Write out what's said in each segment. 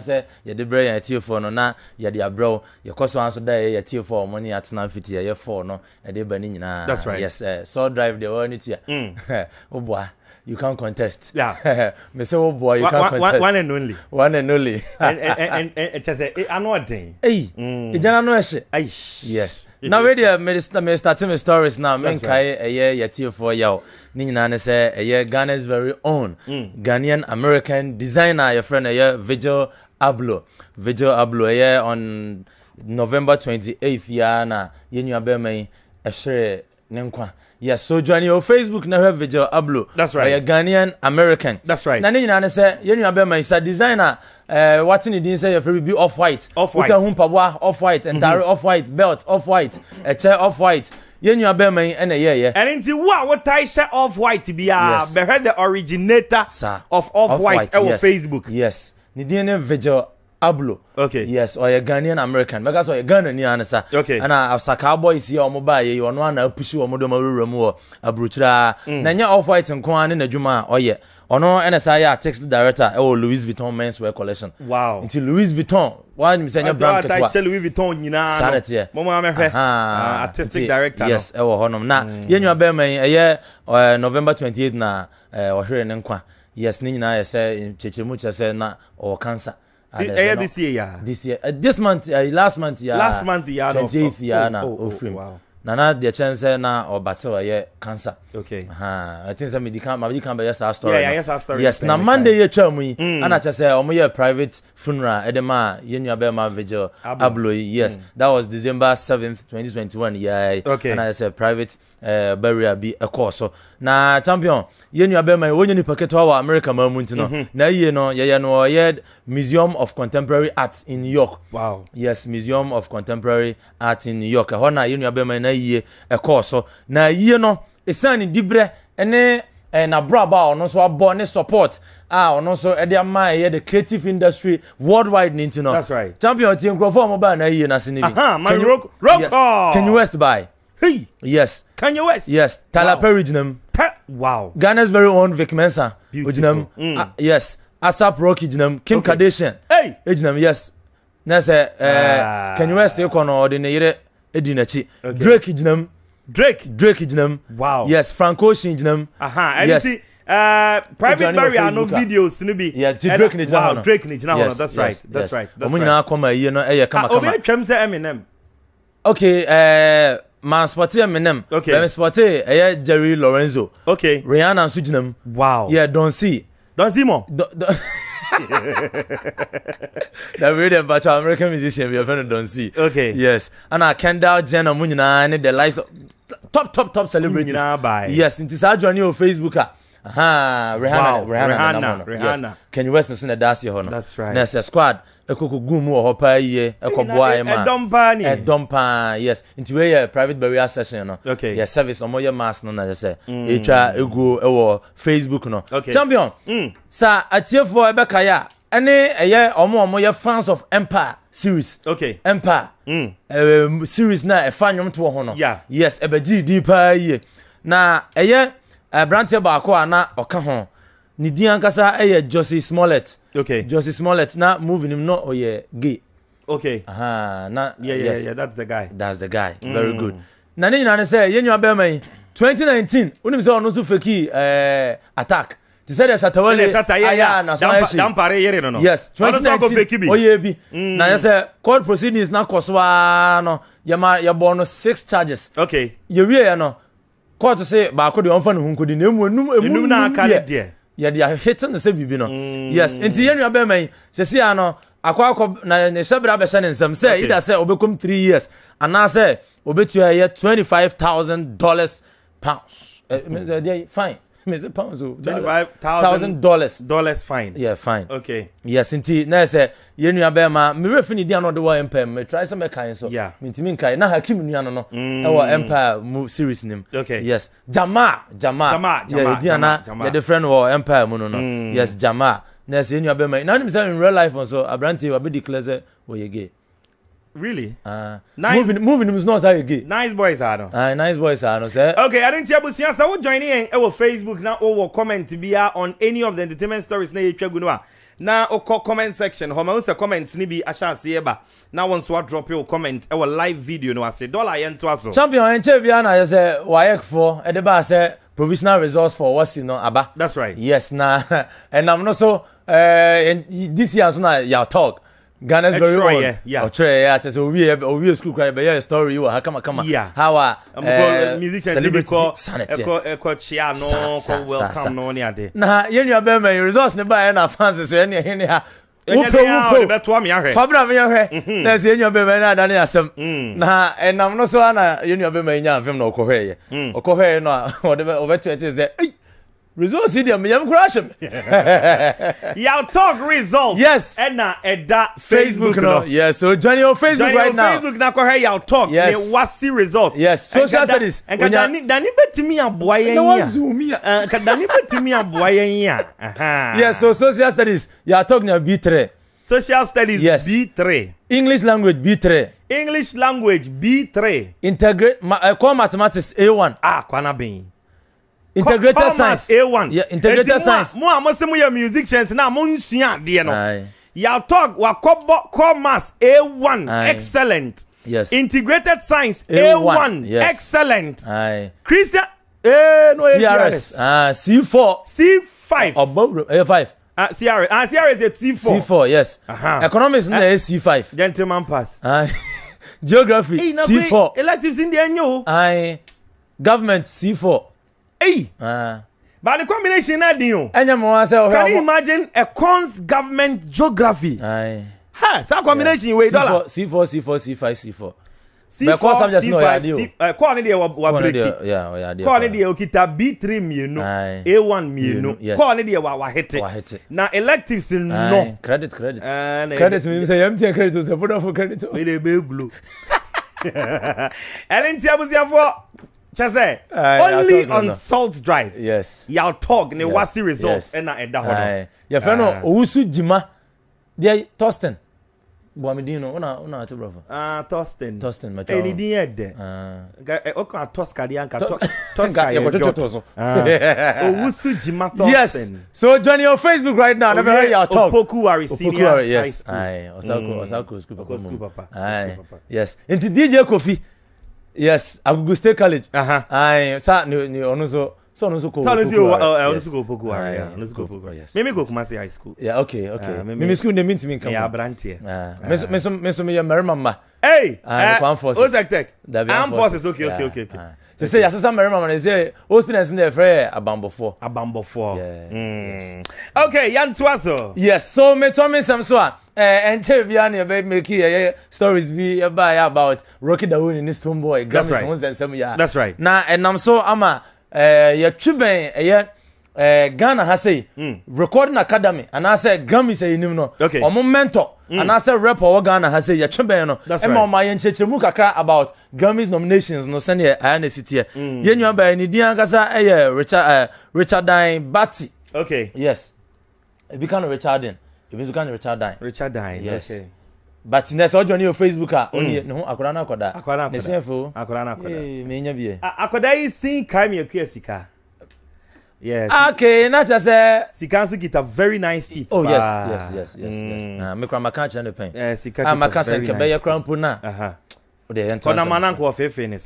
sɛ yɛde brɛ yɛn atiefoɔ no na yɛde abrɛ yɛkɔ so nso da yɛ yɛtiefoɔ ɔmo ne yɛatena mfiti yɛyɛ fɔɔ no yɛde ba ne nyinaa yes sɔ drive deɛ wɔwɔ ne tua mm. woboa you can't contest. Yeah. Me say, oh boy, you can't contest. One and only. One and only. and and and and just say, I know a thing. Hey, you don't know a shit. Yes. Now ready, me me starting my stories now. Men kai eye yeti for yao. Nini nyina ne say eye Ghana's very own mm. Ghanaian American designer. Your friend eye Vigil Ablo. Vigil Abloh eye on November twenty eighth, yana. Yenyu abema yi. Ɛhyɛ ne nkwa yes so o facebook na hwɛ vigil ablo that's right ɔyɛ ghanaian american that's right na ne nyinaa ne sɛ yɛn nua bɛrima yi sa designer ɛɛ uh, ne din sɛ yɛfɛ bibi off white off white wotahu mpaboa off white mhm. ntaare off white belt off white ɛkyɛ off white yɛn nua bɛrima yi ɛna yɛɛyɛ. ɛni nti wo a wotae hyɛ off white biara yes. bɛhwɛ the originator Sir. of off white ɛwɔ facebook. yes ne din ne vigil Ablo. Okay. Yes, or a Ghanaian American. Mega so a Ghanaian anasa. Okay. Ana uh, Osaka boys here omo ba ye ono ana pushi omo do mawura mu wo uh, aburuchira. Mm. Na nya off white nko ane na dwuma oyɛ. Oh Ɔno ɛna sa ya text director ɛwɔ oh, Louis Vuitton menswear collection. Wow. Nti Louis Vuitton wa nim sɛ nya brand ketewa. Ata kyɛ Louis Vuitton nyinaa. Sanet yɛ. Mo mo amehwɛ. artistic director. Yes, ɛwɔ hɔ Na yɛn nwa bɛrɛ mɛn ɛyɛ November 28 na ɔhwere eh, ne nkwa. Yes, ne nyinaa yɛ eh, sɛ kyekyeremu eh, kyerɛ sɛ na ɔwɔ cancer ɛyɛ eh, this year yaa this year uh, this month uh, last month yaa last month yaa twenty eighth yaa oh, na ofiri oh, oh, mu nana deɛ kyɛn sɛ na ɔbatew ɛyɛ eh, cancer okay uh-huh. i think sɛ medi kan mabedi kan bɛyɛ saa story yeah, yeah, yes, story yes na monday yɛ twa mu yi ana kyɛ sɛ ɔmo yɛ private funeral ɛde eh, ma yɛn nua bɛɛ ma vigil ablo yi yes mm. that was december seventh twenty twenty one yai okay ana kyɛ sɛ private uh, burial bi ɛkɔɔ so na champion yɛn nua bɛɛ ma yi wɔnyɛ nipa ketewa wɔ america maa mu nti no na yie no yɛyɛ no ɔyɛ museum of contemporary art in new york wow yes museum of contemporary art in new york ɛhɔ na yɛn nua bɛɛ ma yi na yie ɛkɔɔ so na yie no ɛsiane diberɛ ne eh, n'abraba a ɔno nso abɔ ne support a ɔno nso de ama ɛyɛ the creative industry worldwide ne nti no that's right champion ti nkurɔfoɔ a wɔbaa na yie n'ase ne bi kanye rock rock yes. west by? hey yes kanye west yes tyler wow. perry gyina wow ghana's very own vic mensa ogyina mm. uh, yes asap rocky gyina kim okay. kardashian hey yes na sɛ ɛɛ eh, ah. kanye west kɔ no ɔde ne yere edi n'akyi drake gyina drake drake gyinam wow yes frank ocean gyinam aha yes ɛnti uh, private barrier no ah. videos ni bi yeah ti drake ni gyina hɔ drake ni gyina hɔ that's right that's right that's right ɔmo nyinaa kɔma yie no ɛyɛ kamakama obi atwam sɛ eminem okay ɛɛ. Uh, eh, eminem okay bɛn spɔte ɛyɛ jerry lorenzo okay rihanna nso gyinam wow yeah don c don c mo don don. na wey dem bàtà american musician bi ọfẹ no don c okay yes And ana uh, kendall jenner mu nyinaa the lights top top top celebrities yes nti saa journey o facebook a. Rihanna, Rihanna, Rihanna, Rihanna, Yes. Kanye West nso na da ase hɔ no. That's right. Na sɛ squad ɛkoko gu mu wɔ hɔ paa yie ɛkɔboa yɛ ma. Ɛdɔm paa ni. Ɛdɔm paa yes nti wei yɛ private burial session no. Okay. Yɛ service ɔmo yɛ mass no na yɛ sɛ. Mm. Etwa egu ɛwɔ Facebook no. Okay. Champion. Mm. Sa atiefoɔ ɛbɛka yɛ a ɛne eh, ɛyɛ ɔmo ɔmo yɛ fans of empire series. okay empire. Mm. Uh, series na ɛfa nnwom to wɔ ho no. yeah yes ɛbɛgye di paa yie na ɛyɛ aberanteɛ baako a na ɔka ho ne din ankasa ɛyɛ josie smollett. okay josie smollett na movie nim no ɔyɛ oh, gay. okay aha na yeah yeah yes. yeah that's the guy. that's the guy mm. very good na ne nyinaa ne sɛ yɛn nyinaa bɛrɛ ma yi 2019 wonim sɛ ɔno nso feki ɛɛ attack te sɛ deɛ shatawale ayɛ a naso ayɛ hye dampare yere no no yes 2019 ɔyɛ bi na mm. yɛ sɛ court proceedings na kɔ so aa no yɛma yɛbɔ no six charges okay yɛwieɛ no court se baako deɛ ɔmfa ne ho nkɔdi e na ɛmu enum enum na aka ne deɛ yɛde ahwete ne sɛ biribi no mm. yes nti yɛn nua bɛrima yi sɛsi a no akɔ akɔ na ne hyɛ bere abɛhyɛ ne nsam sɛ ida sɛ obɛkɔm three years anaasɛ obɛtua yɛ twenty five thousand dollars pounds ɛɛ eh, eh, fine mese pounds o $25000 dollars fine yeah fine okay yes nti na sɛ yɛ nua bɛɛ ma mmerɛ fi ne di ano de wɔ Empire. mu try sɛ mɛkan so yeah mintimi nkae na hakim nua no no mm. ɛwɔ empire mu series nim okay yes jama jama jama jama di ana yɛde frɛ friend wɔ empire mu no no mm. yes jama na sɛ yɛ nua bɛɛ ma na nim sɛ in real life nso aberanteɛ wabɛdi clear sɛ wɔyɛ gay Really? Uh, nice. Moving, moving is not say again. Nice boys are no. Uh, nice boys are no, sir. Okay, I didn't hear but since I would join in eh, our Facebook now or comment via on any of the entertainment stories na you check with a. Na okọ comment section How many wo comments ni bi ahya ase eba. Now, once so drop your comment our eh, live video no ase dollar yẹn to aso. Champion yẹn eh, che bia na yẹ sẹ for e de ba sẹ provisional resource for what's no abba. That's right. Yes, nah. and I'm not so uh, this year so na your talk. Ghana's very old. Yeah, yeah. Ọ̀kyerẹ́ yẹ àti sẹ́ owie owie school kura ẹ̀bẹ̀yẹ story wà Come. kamakama. Yeah. How uh, a uh, celebrity sanity. Ẹkọ ẹkọ chia nọ kọ welcome nọ ní adé. Na yẹn nua bẹ́ẹ̀ mẹ́rin results ní báyẹn na fans sẹ́ ẹni ẹ̀hìn ni ha. Wúpe wúpe fabra mi ahwẹ. Na ẹsẹ yẹn nua bẹ́ẹ̀ mẹ́rin adá ni asẹm. Mm-hmm. Na ẹnam no so na yẹn nua bẹ́ẹ̀ mẹ́rin yẹn àfẹ́m na ọkọ hwẹ́ yẹ. Ọkọ hwẹ́ yẹ no a ọbẹ̀ tí ẹ ti sẹ́ ẹyí results yi deɛ meyam kora ahyɛ me yaw talk results yes ɛna ɛda facebook, facebook no yes so join your facebook join right your now facebook na kɔhɛ yaw talk yes ne wasi result yes social Enka studies nka dani dani bɛtumi aboa yɛn yi a ɛna zoom yi a nka dani bɛtumi aboa yɛn yi a yes so social studies yaw talk na B three social studies yes B three english language B three english language B three integrate ma uh, eh, core mathematics a one ah kwana bɛn integrated science a1 yeah, integrated science mo a mo se mo yɛ musicians na mo nsua adeɛ no talk wa core mass a1 Aye. excellent yes integrated science a1, A1 yes. excellent Aye. christian eh, no, crs Ah, c4 c5 ọbọ uh, five. Uh, oh, CRS. Oh, eh, ah, CRS ah, is C4. C4, yes. Uh-huh. Economics uh, is C5. Gentleman pass. Aye. Geography, C4. Electives in the annual. Government, C4. Hey. Ah. But the combination na din o. Ẹnyẹ mọ wọn sẹ ọhẹ Can you imagine a cons government geography? Aye. Ha sa combination yeah. wey dollar. C four C four C five C four. C four C five C eh, kọ́ọ̀ ni deɛ wa breki kọ́ọ̀ ni deɛ okita B three mienu A one mienu kọ́ọ̀ ni deɛ wa wa hete na electives no. Credit credit eh, credit mi sɛ yɛn tiɛ credit o sɛ fúnafún credit o. Wele ebe eglo. Ɛni n tí a busi afɔ kyɛsɛ eh, only on salt drive yes yaltog ne yes. wasi resort ɛna yes. ɛda hɔ no yɛfrɛ no ah. oh, owusu gyima deɛ tostin buamidin no wona wona ate brɔfo ah tostin tostin mɛtɔ ɛni din yɛ dɛ ɔkɔ atɔska de anka tɔska yɛ dɔtɔ so owusu gyima tostin yes so join your facebook right now never heard yaltog opoku wari senior high school opoku wari yes ɔsako ɔsako mm. school papa mu yes nti dj kofi yes agugu state college. Uh -huh. ayi sa ni ni ọ̀nù So no suko. So no suko. Uh, uh, yes. no suko poku. Ah, yeah. No suko poku. Yes. Mimi go Kumasi High School. Yeah, okay, okay. Uh, mimi, mimi school ne mint min kam. Yeah, Abrantie. Ah. Meso meso meso me yamari mama. Hey. Ah, uh, armed forces. Ozek Tech. Armed forces. Okay, okay, okay, okay. Sɛ sɛ yɛasesa mmarima ma no sɛ wo students no yɛfrɛ yɛ abambɔfoɔ abambɔfoɔ hmm. ok yɛntoa so yes so metɔ me nsɛm so a ɛnkyɛ bia ne yɛbɛmeki yɛyɛ stories bi uh, yɛbaeɛ about rocky dawoni ne stomeboy grammys ho nsɛnsɛm yɛa na ɛnam so ama Eh, yɛtwi bɛn ɛyɛ eh, ghana ha sɛ mm. recording academy anaasɛ grammy sɛ yɛ nim no okay. ɔmo mentor mm. anaasɛ rap ɔwɔ ghana ha sɛ yɛtwi bɛn no ɛma right. ɔmo ayɛ nkyɛnkyɛnmu kakra about Grammys nominations no sɛnea ayɛ na esi teɛ mm. yɛn nyɛ bɛn ne din ankasa ɛyɛ richard eh, richard dan bati okay yes ebi kan no richard dan ebi nso kan no richard dan richard dan yes. okay but nɛ sɛ ɔjɔni yɛ facebook a ah, ɔni hmm. yɛ ne ho akwadaa na akwadaa akwadaa ne sɛn fo bie. akwadaa yi sin kaa mi sika. yes okay na kyerɛ sɛ. sika nso kita very nice teeth. oh yes yes yes yes yes mɛ hmm. kura maka kyerɛ ne pɛn. ɛɛ eh, sika ah, kita very nice teeth a maka sɛ kɛbɛ yɛ kura mpo na. o de yɛ n tɔ sɛ. kɔnama nankɔ fefe ne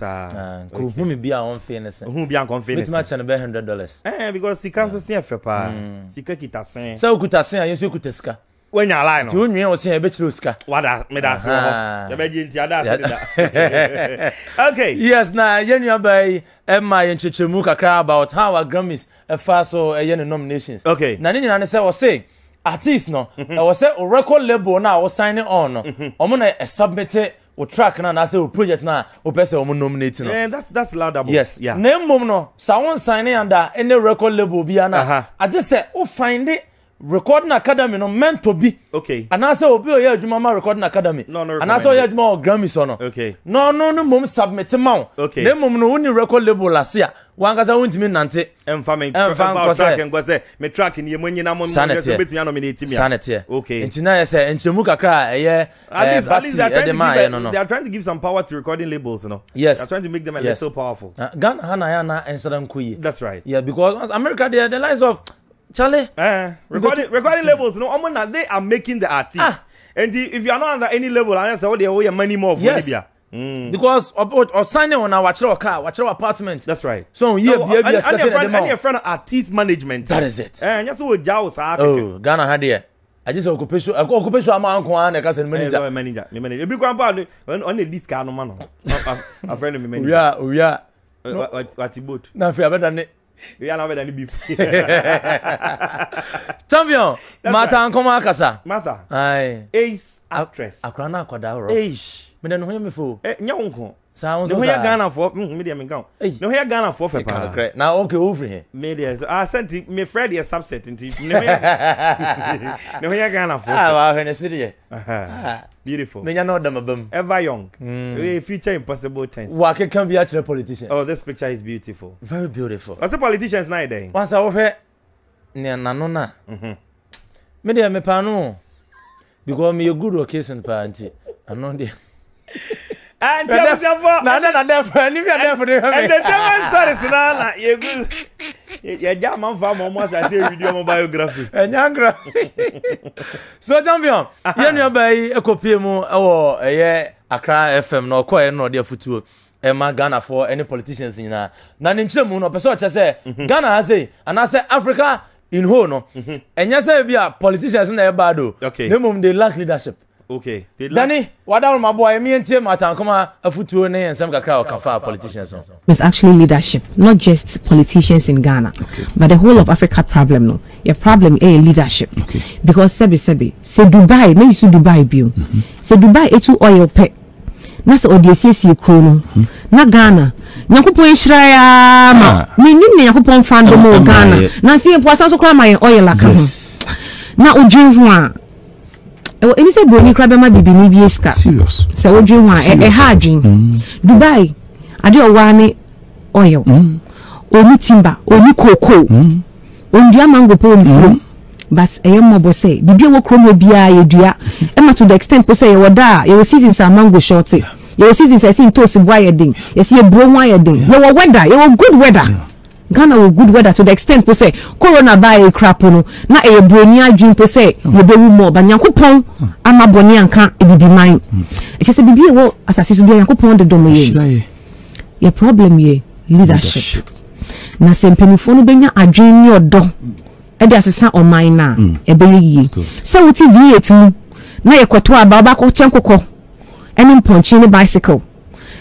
mi ah, bi a fe ne se. hun bi a nkɔ fe ne se. bituma kyɛn hundred dollars. eh because sika nso sin yɛ fɛ paa hmm. sika kita sin. sɛ okuta sin a yɛn nso sika wanya line no. Ti wonwia wo sen ebe kire osika. Wada me da so ho. Ya be ji ntia da se da. Okay. Yes na yenua bai Emma yen chichemu kakra about how our Grammys e fa so eye ne nominations. Okay. Na ne nyina ne se artist no. E wo se o record label na wo sign on no. Mm-hmm. Omo na e submit o track na na se o project na o pese omo nominate no. Eh that's that's laudable. Yes. Yeah. Na mmom no sa won sign under any record label bi ana. I just say o find it recording academy no mentor bi okay anaasɛ obi oyɛ adwuma ma recording academy no, no anaasɛ oyɛ adwuma wɔ grammys no okay No, no, no mom submit ma wo okay na mmom no woni record label ase a wankasa wontumi nante ɛmfa me ɛmfa nkɔ sɛ me track ne yɛmu nyina mo sɛ bɛtumi anominate me saneteɛ okay nti na yɛ sɛ nkyɛmu kakra a ɛyɛ eh, bati ɛde ma ayɛ no no they are trying to give some power to recording labels no yes they are trying to make them a yes. little powerful uh, Ghana ha na yɛ ana ɛnsɛdɛ nkɔ yie that's right yeah because America they are the lies of Charlie. Eh, eh. recording, recording hmm. labels, no, I'm not, they are making the artist. Ah. And the, if you are not under any label, I say, oh, they owe you money more for yes. Libya. Mm. Because or, or, oh, signing on our watcher car, watcher apartment. That's right. So yeah, no, yeah, yeah. And your friend, and your friend, artist management. That is it. Eh, just what Jao sa. Oh, Ghana had here. I just occupation. I occupation. I'm uncle and I can manager. Eh, manager, me manager. You be going back? When the this car no man. Oh. A friend of me manager. Yeah, eh, yeah. What what boat? Na fi abeda ne ebi anam bɛda ne beef. champion mata nkɔmɔ akasa. mata ace actress. akora na akwadaa rɔ. eish. mɛ dɛ nuhu yɛ mi fo. ɛ eh, nyɛ wo saa nso ho yɛ ghana fo mi deɛ mi nka ne ho yɛ ghana fo fɛ paa na ok o firi hɛ mi deɛ ah sɛnti mi fɛ deɛ subset nti ah, ne ho yɛ ne ho ghana fo ah wa ahwɛ ne si deɛ beautiful menya na ɔda maba mu ever young mm. future impossible times wa keka bi akyerɛ politicians oh this picture is beautiful very beautiful ɔsɛ politicians na yɛ dɛn wansa wɔhwɛ ne nano na mi mhm. deɛ mi paa no because mi yɛ good occasion paa nti ano deɛ. Ah, and tell us your def, na na na def, ni bi def de me. And the seven stories na na ye gu. Ye ja man fa mo I see a video mo biography. And Enyangra. so champion, ye nua ba yi ekopie mu e oh e yeah, Accra FM No, na okoye na ode afutuo. E ghana for any politicians in na ne nkyerɛ mu no ɔpɛ say mhm. Ghana has ghana and I say africa in whole no and mhm. ɛnyɛ sɛ be a politicians na bado. Okay. na mum they lack leadership okay dani wadawo ma boy me ntie matankoma afutuo ne nsem kakra o kafa politicians on it's actually leadership not just politicians in Ghana okay. but the whole of Africa problem no your problem is leadership okay. because sebi sebi say Dubai Maybe you Dubai bio mm -hmm. say Dubai etu oil pe na sɛ ɔde asiesie kuro no mm-hmm. na ghana nyankopɔn nhyira yɛa ma ah. menim ne nyankopɔn fa ndom wɔ ah, ghana na sɛ yɛpoasa so koraa ma yɛn ɔyɛ laka na odwen ho ɛwɔ ɛni sɛ buroni kora bɛma bibini bi sika sɛ wodwe ho a ɛha adwen dubai ade ɔwaa ne oil mm. oni timba, oni koko mm. ondua mango pɛ oni kurom mm. but ɛyɛ mmɔbɔ sɛ bibi a ɛwɔ kurom hɔ biara yɛdua ɛma to the extent pɛ sɛ yɛwɔ da yɛwɔ season sa mango short yɛwɔ season sɛ ɛsi ntoosi bo ayɛ den yɛsi yɛburo ho ayɛ den yɛwɔ weather yɛwɔ good weather ghana wɔ good weather to the extent po sɛ corona ba yɛ kura po no na ɛyɛ buroni adwin po sɛ yɛbɛwu mu ɔba nyankopɔn ama bɔne anka ebibi man ɛkyɛ e sɛ bibi ɛwɔ asase so bi nyankopɔn de dɔm yɛ yɛ problem yɛ leadership na sɛ mpanyinfoɔ no bɛnya adwin ne ɔdɔ ɛde asesa ɔman na ɛbɛyɛ yie sɛ wote v8 mu na yɛkɔto aba ɔbaakɔ kyɛn kɔkɔ ɛne mpɔnkye ne bicycle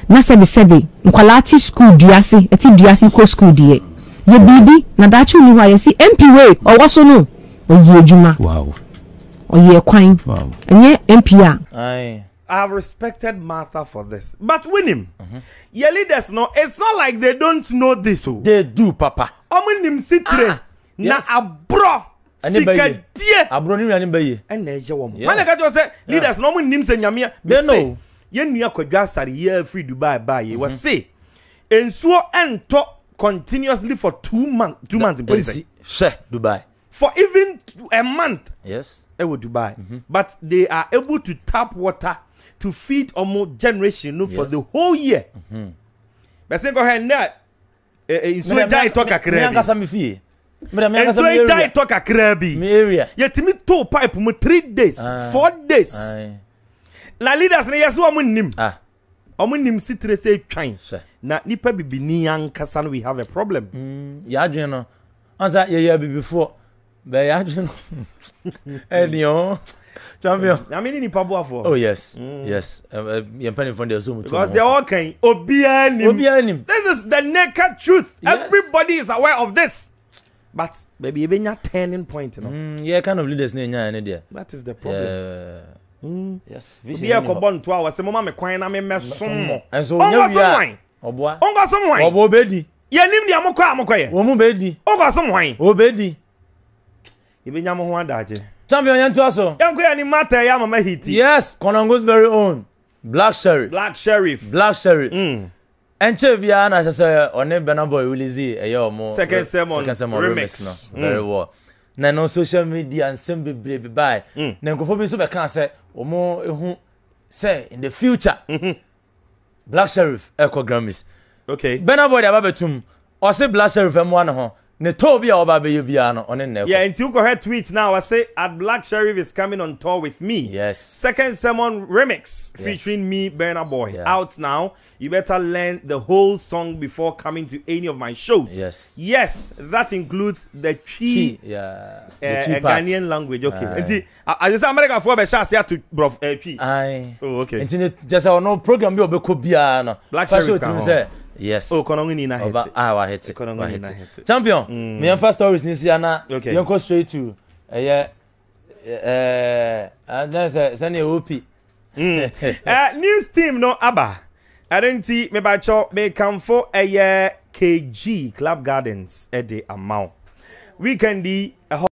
na sɛbisɛbi nkwalaa te school duase ɛte duase kɔ school deɛ yɛ biribi na ni hɔ a yɛsi mpa ɔwɔ so no ɔyɛ adwuma ɔyɛ kwan ɛnyɛ mpa I have respected Martha for this. But win him. Mm-hmm. Your leaders know it's not like they don't know this. Oh. They do, Papa. Omen him sitre. Ah, na abro. Sika Abro ni nani beye. Ene je wo mo. Mana ka leaders no mo nimse se nyame. They know. Ye nua kwadwa sare ye free Dubai ba ye. We say mhm. ensuo ento continuously for two months two months in police sure dubai for even a month yes they were dubai mm-hmm. but they are able to tap water to feed omo generation no yes. for the whole year mm-hmm. but say go ahead na nsuo gya itɔ kakra bi nsuo gya itɔ kakra bi yɛtumi to pipe mu three days ah. four days Aye. na leaders no yɛ so wɔn nim wɔn ah. nim sitire sɛ twan na nipa bibini ankasa no we have a problem. Mm, yàdùn no ansa yẹyẹ abibifoɔ bɛyɛ adwene no ɛni eh, ɔ champion. Eh, nyame ni nipa boafo. oh yes mm. yes eh, yɛn mpanimfoɔ deɛ so mu tu. because they deɛ ɔkan obiara nim. obiara nim. this is the naked truth. yes everybody is aware of this. but baabi ebi a turning point no. Mm, yeah kind of leaders need nya ne that is the problem. Yeah. Mm. yes vision ni hɔ obi yɛ kɔ bɔ ntoa wɔ sɛ mo ma mi kwan na mi mɛ ɔboa ɔnkɔsom hwan ɔbɔ obedi yɛnim deɛ mokɔ a mokɔyɛ wɔn mu bedi ɔnkɔsom hwan obedi yɛbɛnya mo ho adagye champion yɛn to aso yɛnkɔ ni mata yɛ mama hiti yes konongo's very own black sheriff black sheriff black sheriff mm. ɛnkyɛ biara na ahyɛ sɛ ɔne bɛnaboy wilisi ɛyɛ ɔmo second sermon second sermon remix no mm. very well na no social media nsɛm bebree bebae mm. na nkurɔfoɔ bi nso bɛka sɛ ɔmo ehu sɛ in the future mm -hmm. black sheriff ɛkɔ grammys okay. burna boy de aba bɛtum ɔse black sheriff ɛmoa ne ho ne tour bi a ɔba abɛyɛ biara no ɔne nna ɛkɔ. yɛ nti wokɔhwɛ tweet na wɔse at black sheriff is coming on tour with me. yes second sermon remix yes. featuring me burna boy yeah. out now you better learn the whole song before coming to any of my shows. yes yes that includes the chi. chi yeah. uh, the chi uh, part Ghanaian language okay nti adisa america fo bɛhyɛ ase ato brɔf chi. ayi oh okay nti ne jɛsɛ ɔno oh, program bi a ɔbɛkɔ biara no. black sheriff ka ho yes Oh, kɔnɔ ni na hɛte ah wa hɛte oh, wa hɛte champion mm. mi yɛn fa stories ni si ana okay. yɛn kɔ straight to ɛyɛ ɛɛ ɛɛ sɛ sɛni ɛwɔ pi. news team no aba ɛno nti mebakyɛ mekamfo ɛyɛ eh, kg club gardens ɛde eh, ama wo weekend yi ɛhɔ eh,